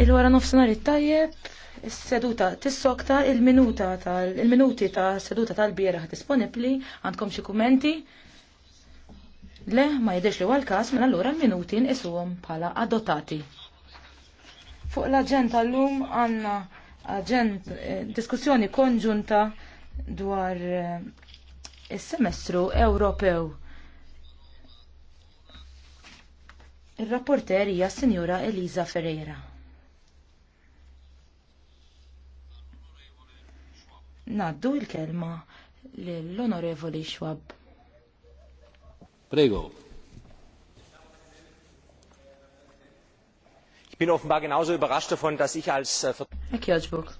Il-wara nofsinhar it-tajjeb, is-seduta tissokta il-minuta tal il-minuti ta' seduta tal-bieraħ disponibbli, għandkom xi kumenti? Le, ma jidhirx li għal każ minn mela allura minuti nqisuhom bħala adottati. Fuq l-aġenda llum għandna aġent eh, diskussjoni konġunta dwar eh, is-semestru Ewropew. Il-rapporter hija Sinjura Eliza Ferreira. Naddu il-kelma l-Onorevoli Schwab. Prego. Ich bin offenbar genauso überrascht davon, dass ich als... Herr äh, Kirchburg.